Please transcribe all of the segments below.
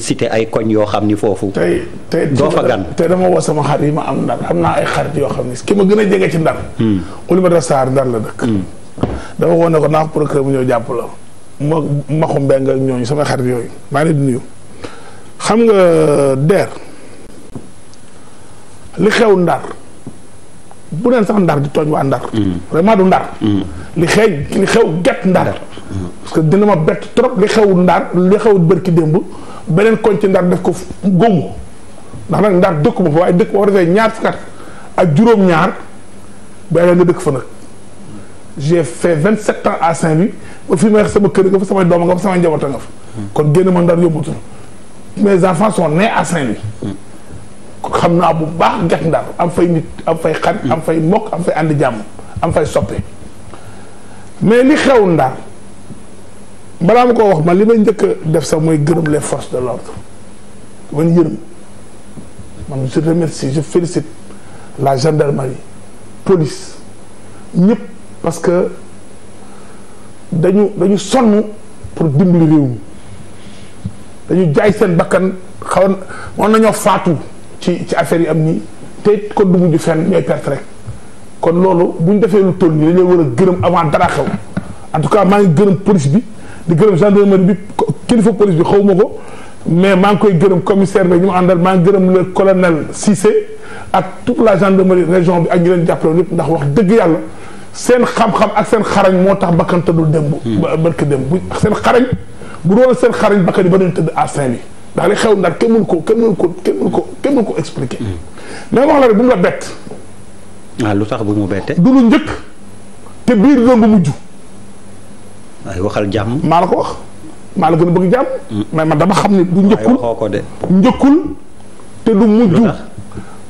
cité ay koñ yoo xam ni foofu. tey tey doo fa gan tey dama woo sama xarit yi ma am ndar am naa ay xarit yoo xam ni ki ma gën a jege ci ndar. Hmm. Oulimata Sarr ndar la dëkk. Hmm. dama woo ne ko naa ko procureur mu ñëw jàpp la. ma Maxu Mbengue ak sama xarit yooyu maa xam nga der li xew ndar bu neen sax ndar di tooñ waa ndar. Hmm. vraiment du ndar. li xeeñ li xew gett ndar. parce que dina ma bett trop li xew Ndar li xew bërki démb beneen koñ ci Ndar def ko góomu ndax nag ndaar dëkk ma fa waaye dëkk boo defee ñaar fukki at ak juróom-ñaar ba yàlla nga dëkk fa nag. j'ai fait vingt sept ans à Saint-Louis ba fi sama kër nga fa samay doom nga fa samay njaboot nga fa. kon génn ma Ndar yóbbutul mes enfants sont nés à Saint-Louis. xam naa bu baax gerte Ndar am fay nit am fay xarit am fay mbokk am fay ànd jàmm am fay soppe mais li xew Ndar. balaa ma ko wax man li may njëkk def sax mooy gërëm les forces de l'ordre man yërëm man je remercie je félicite la gendarmerie police ñëpp parce que dañu dañu sonn pour dimbali réew mi dañu jaay seen bakkan xaw xawoon mën nañoo faatu ci ci affaire yi am nii te kon du mujj fenn ñooy perte rek kon loolu buñ defee lu toll nii dañoo war a gërëm avant dara xew en tout cas maa ngi gërëm police bi. di gërëm gendarmerie bi kilifa police bi xaw ma ko mais maa ngi koy gërëm commissaire bi ñu mu àndal maa ngi gërëm le colonel Cissé ak tout la gendarmerie région bi ak ñu leen jàppale lépp ndax wax dëgg yàlla seen xam-xam ak seen xarañ moo tax bakkan tëddul démb hmm. barke démb bu seen xarañ bu doon seen xarañ bakkan ba doon tëdd à Saint-Louis ndax li xew ndar kenn mënu ko kenn mënu ko kenn mënu ko hmm. bu mu la ah, lu tax bu mu bettee du njëkk te biir doon bu mujj ay waxal jàmm. maa la ko wax maa la gën bëgg jàmm. Mm. mais man dama xam ne du njëkkul waaye waxoo njëkkul te du mujj.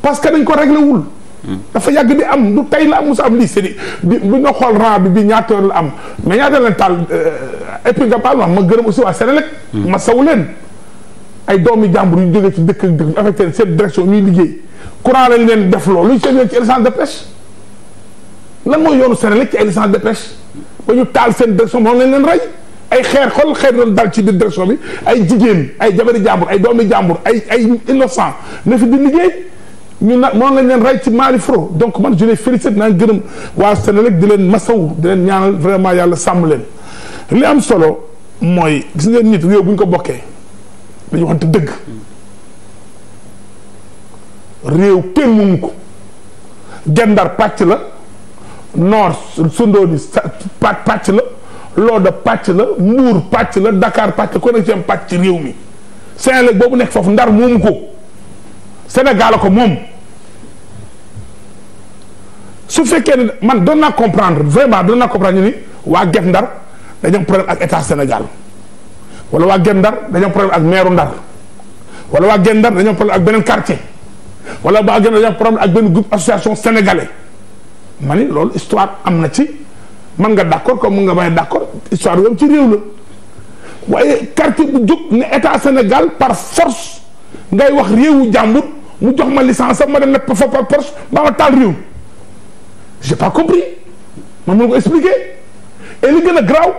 parce que dañ ko réglé wul. Mm. dafa yàgg di am du tey la am musa am lii c'est bi bu ñu xool rang bi bi ñaata la am mais ñaata leen taal euh, et puis nga ma ma ma gërëm aussi waa Sénélec. Mm. ma saw leen ay doomi jàmbur yu jógee ci dëkk ak dëkk affecté leen seen direction ñuy liggéey courant lañ leen def loolu luñ seen yoon ci licence de pêche lan mooy yoonu Sénélec ci ay licence de pêche. ba ñu taal seen direction moom lañ leen rey ay xeer xol xeer doon dal ci biir direction bi ay jigéen ay jabari jàmbur ay doomi jàmbur ay ay innocent ne fi di liggéey ñu na moom lañ leen rey ci Mali Fro donc man je les félicite naa gërëm waa Sénélec di leen masaw di leen ñaanal vraiment yàlla sàmm leen li am solo mooy gis ngeen nit réew bu ñu ko bokkee dañu waxante dëgg réew kenn moomu ko gendar pàcc la nord Sundooni pàcc la Lodo pàcc la Mbuur pàcc la dakaar pàcc la ku nekk ci am pàcc ci réew mi Sénégal boobu nekk foofu ndar moomu ko Sénégal ko moom su fekkee ne man doon naa comprendre vraiment doon naa comprendre ñu ni waa Guet Ndar dañu am problème ak état Sénégal wala waa Guet Ndar dañu am problème ak meeru Ndar wala waa Guet Ndar dañu am problème ak beneen quartier wala waa Guet Ndar dañu am problème ak benn groupe association sénégalais. ma ni loolu histoire am na ci man nga d'accord comme mun nga may d'accord histoire yooyu ci réew la waaye quartier bu jóg ne état Sénégal par force ngay wax réewu jàmbur mu jox ma licence ma dem nepp fa par force ba ma taal réew j'ai pas compris ma mun ko expliquer et li gën a garaaw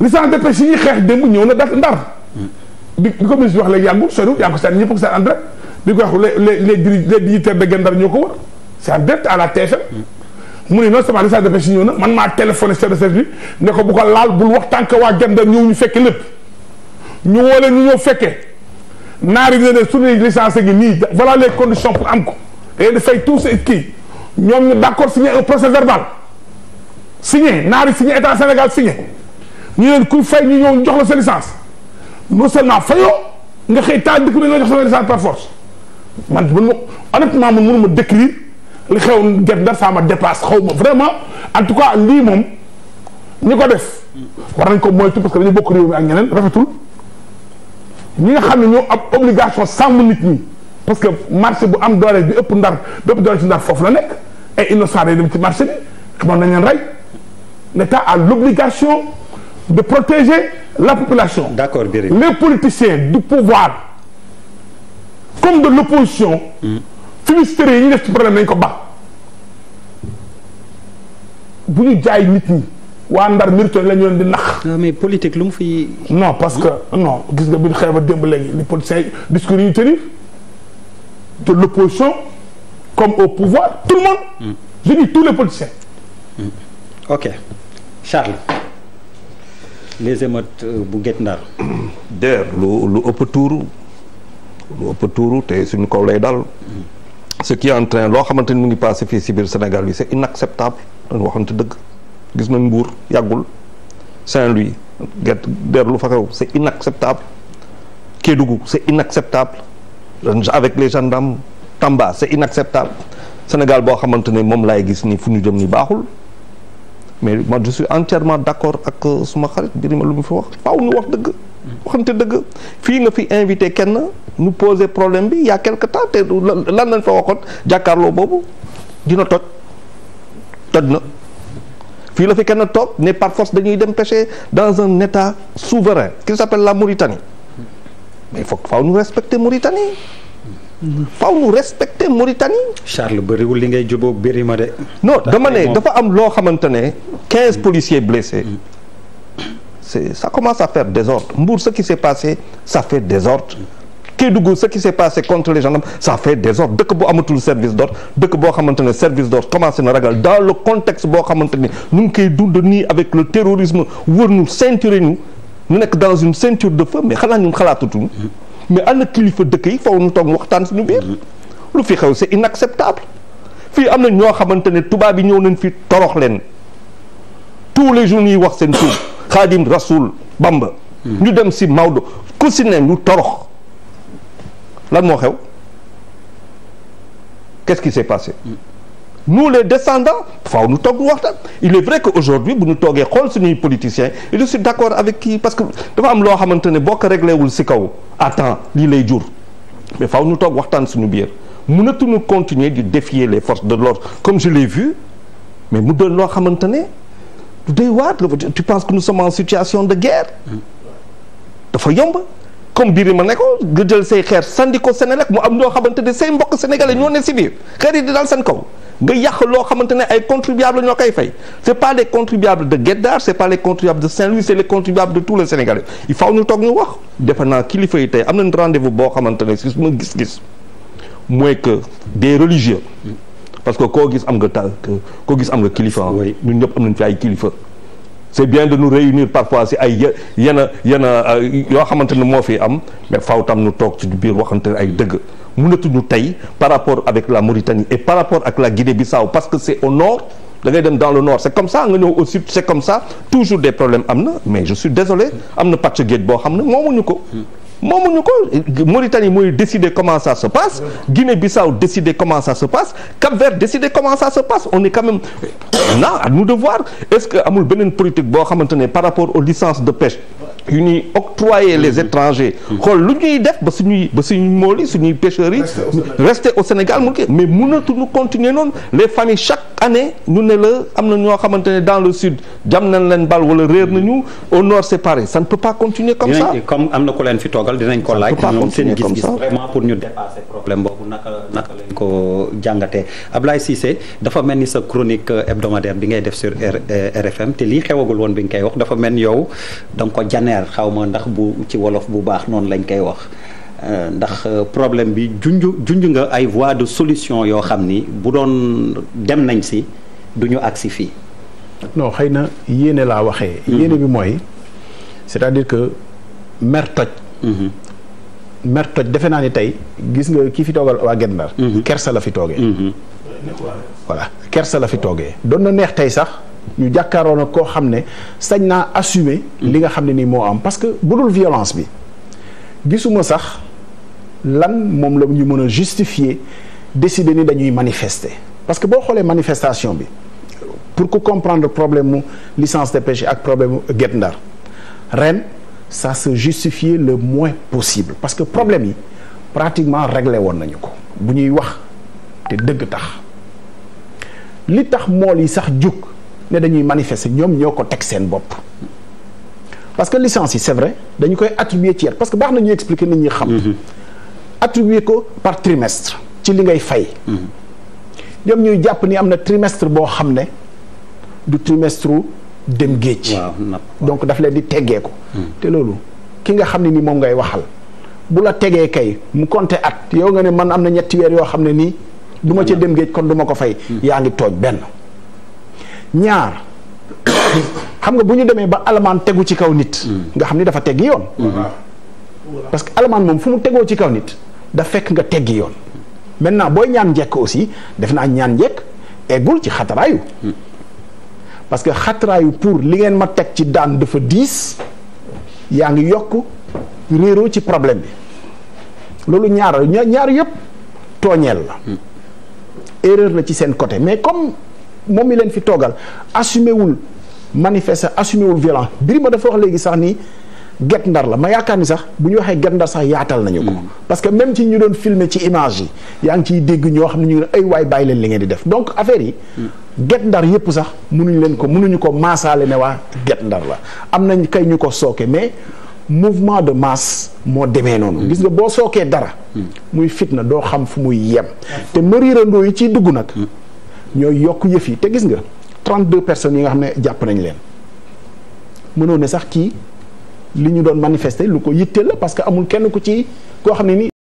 licence de pêche yi ñuy xeex démb ñëw na dak ndar bi bi ko ministre bi wax léegi yàggul soriwul yaa ngi ko seet ñëpp ko seet bi ko wax les les les dignitaires à la TFM mu ne non seulement message de pêche ñëw na man maa téléphoné chef de service bi ne bu ko laal bul wax tànk waa Gendar ñëw ñu fekke lépp ñu woo leen ñu ñëw fekkee naar yi ne suñuy licence gi nii voilà les conditions pour am ko et di fay tous ces kii ñoom ñu d' accord signé un procès verbal naar yi signé état Sénégal signé ñu leen kuy fay ñu ñëw jox la sa licence non seulement fayoo nga xëy taal dëkk bi nga jox par force man man honnêtement man mënu ma décrire. li xew get ndar sama dépasse xaw ma vraiment en tout cas lii moom ñi ko def war nañ ko moytu parce que dañu bokk réew mi ak ñeneen rafetul ñi nga xam ne ñoo ab obligation sàmm nit ñi parce que marché bu am doole bi ëpp ndar bi ëpp doole ndar foofu la nekk ay innocent day dem ci marché bi xamoon nañ leen rey l'État a l'obligation de protéger la population. D'accord, les politiciens du pouvoir comme de l'opposition. Mm. sinistre yi ñu def ci problème nañ ko baax bu ñu jaay nit ñi waa ndar mérito la ñu di nax. non mais politique lu mu fi. no parce que non gis nga bi ñu xeex ba démb léegi les politiciens discours yi ñu tenir de l'opposition comme au pouvoir tout le monde. Mm. je tous les politiciens. Mm. ok Charles. Euh, bu Guet Ndar. der lu lu ëpp tuuru lu ëpp tuuru te suñu kaw lay dal. ce qui est en train loo xamante ni mu ngi passé fii si biir Sénégal bi c'est inacceptable dañu waxante dëgg gis nañ Mbour yàggul Saint-Louis gert derlu fa xew c'est inacceptable Kédougou c'est inacceptable avec les gendarmes Tamba c'est inacceptable Sénégal boo xamante ne moom laay gis ni fu ñu jëm ni baaxul mais ma je suis entièrement d'accord ak euh, suma xarit Birima lu mu fi wax faaw ñu wax dëgg xam waxante dëgg fii nga fi invité kenn ñu posé problème bi yaa a quelque temps te lan lañ fa waxoon jàkkaarloo boobu dina toj toj na fii la fi kenn toog ne par dañuy dem pêcher dans un état souverain qui s'appelle la Mauritanie mais foog faaw ñu respecter Mauritanie faw nu respecter Mauritanie. Charles bariwul li ngay jubóog Birima de. non dama ne dafa am loo xamante ne quinze policiers blessés. c'est ça commence à faire désordre Mbour ce qui s'est passé ça fait désordre Kédougou ce qui s'est passé contre les gendarmes ça fait désordre dëkk bu amatul service d'ordre dëkk boo xamante ne service d'ordre commencé na ragal dans le contexte boo xamante ne ñu ngi koy dund nii avec le terrorisme wër ñu ceinture ñu ñu nekk dans une ceinture de feu mais xanaa ñun xalaatatuñu mais na kilifa dëkk yi faw ñu toog waxtaan suñu biir lu fi xew c'est inacceptable fii am na ñoo xamante ne tubaab yi ñëw nañ fi torox leen les jours ñuy wax seen tur xaadim rasul bamba hmm. ñu dem si Maodo ku si ne ñu torox lan moo xew qu'est-ce qui s'est passé hmm. nous les descendants faaw nu toog waxtaan il est vrai que aujourd'hui bu ñu toogee xool suñuy politiciens je suis d'accord avec kii parce que dafa am loo xamante ne boo ko si kaw à temps lii lay jur mais faaw ñu toog waxtaan suñu biir mënatuñu continuer di défier les forces de l'ordre comme je l'ai vu mais mu doon loo xamante ne doy waar tu penses que nous sommes en situation de guerre dafa yomb comme biir ma ne ko nga jël say xeer sandi ko Senelec mu am ñoo xamante ne say mbokk sénégalais ñoo ne si biir xeer yi di dal seen kaw nga yàq loo xamante ne ay contribuables ñoo koy fay c' est pas les contribuables de Guet-Ndar c' est pas les contribuables de Saint-Louis c' est les contribuables de tous les sénégalais il faut ñu toog ñu wax defe naa kilifa tey am nañ rendez-vous boo xamante ne si ma gis-gis mooy que des parce que koo gis am nga tal koo gis am nga kilifa ñun ñëpp am nañ fi ay kilifa c'est bien de nous réunir parfois si ay yenn yenn euh, yoo xamante ni moo fi am mais faw tam nu toog ci biir waxante ne ay dëgg mënatuñu tey par rapport avec la Mauritanie et par rapport ak la Guinée-Bissau parce que c'est au nord da ngay dem dans le nord c'est comme ça nga ñëw au sud c'est comme ça toujours des problèmes am na mais je suis désolé am na pàcc géej boo xam ne moomuñu ko moomuñu ko Mauritanie mooy décider comment ça se passe Guinée-Bissau décider comment ça se passe Cap-Vert décider comment ça se passe on est quand même là à nous de voir est-ce que amul beneen politique boo xamante ne par rapport aux licences de pêche yu ñuy octroyer les mm-hmm. étrangers mm-hmm. xool lu ñuy def ba suñuy ba suñuy mool yi suñuy pêcheurs yi rester au Sénégal mun ko mais mënatuñu continuer noonu les familles chaque année ñu ne la am na ñoo xamante ne dans le sud jam nañ leen bal wala na ñu mm-hmm. au nord c'est pareil ça ne peut pas continuer comme ça comme am na ko leen fi toogal dinañ ko laaj ñoom seen gis-gis vraiment pour ñu dépasser problème boobu naka naka lañ ko jàngatee Ablaye Cissé dafa mel ni sa chronique hebdomadaire bi ngay def sur RFM te lii xewagul woon bi nga koy wax dafa mel ni yow maire xaw ma ndax bu ci wolof bu baax noonu lañ koy wax euh, ndax euh, problème bi junj junj nga ay voies de solution yoo xam ni bu doon dem nañ si duñu ñu agsi fii. non xëy na yéene laa waxee. Mm-hmm. yéene bi mooy c'est-à-dire que mm-hmm. mer toj. defe naa ni tey gis nga ki fi toogal waa Guet Ndar. Mm-hmm. kersa la fi toogee. voilà kersa la fi toogee doon na neex tey sax. ñu jàkkaaroon ak koo xam ne sañ naa assumer mm. li nga xam ne nii moo am parce que bu dul violence bi gisuma sax lan moom la ñu mën a justifier décider ni dañuy manifester parce que boo xoolee manifestation bi pour ku comprendre problème mu licence de pêche ak problème mu Guet Ndar ren ça se justifier le moins possible parce que problème yi pratiquement réglé woon nañu ko bu ñuy wax te dëgg tax li tax mool yi sax jug ne dañuy manifester ñoom ñoo ko teg seen bopp parce que licence yi c'est vrai dañu koy attribuer tiers parce que baax na ñuy expliquer nit ñi xam mm-hmm. attribuer ko par trimestre ci li ngay fay mm-hmm. ñoom ñuy jàpp ni am na trimestre boo xam ne du trimestre dem géej donc daf leen di teggee ko mm-hmm. te loolu ki nga xam ne nii moom ngay waxal bu la tegee kay mu compter at yow nga ne man am na ñetti weer yoo xam ne nii du ma ca dem géej kon duma ko fay yaa ngi tooñ benn ñaar xam nga bu ñu demee ba alamaan tegu ci kaw nit. nga xam ni dafa teggi yoon. parce que alamaan moom fu mu tegoo ci kaw nit da fekk nga tegg yoon. maintenant booy ñaan njekk aussi def naa ñaan njekk eggul ci xataraayu. parce que xataraayu pour li ngeen ma teg ci daan dafa diis yaa ngi yokk réeroo ci problème bi loolu ñaar ñaar yëpp tooñeel la. erreur la ci seen côté mais comme. moom mi leen fi toogal assumé wul manifeste assumé wul violent Birima dafa wax léegi sax ni Guet Ndar la ma yaakaar ni sax bu ñu waxee Guet Ndar sax yaatal nañu ko. Mm. parce que même ci ñu doon filmer ci image yi yaa ngi ciy dégg ñoo xam ne ñu ngi ay waay bàyyi leen li ngeen di def donc affaire yi. Mm. Guet Ndar yëpp sax mënuñ leen ko mënuñu ko maasaale ne waa Guet Ndar la am nañ kay ñu ko sooke mais. mouvement de masse moo demee noonu. Mm. gis nga boo sookee dara. muy fitna doo xam fu muy yem. te mëriirandoo nag. ñooy yokk yëf yi te gis nga 32 personnes yi nga xam ne jàpp nañ leen mënoon ne sax kii li ñu doon manifeste lu ko yitteel la parce que amul kenn ku ci koo xam ne ni.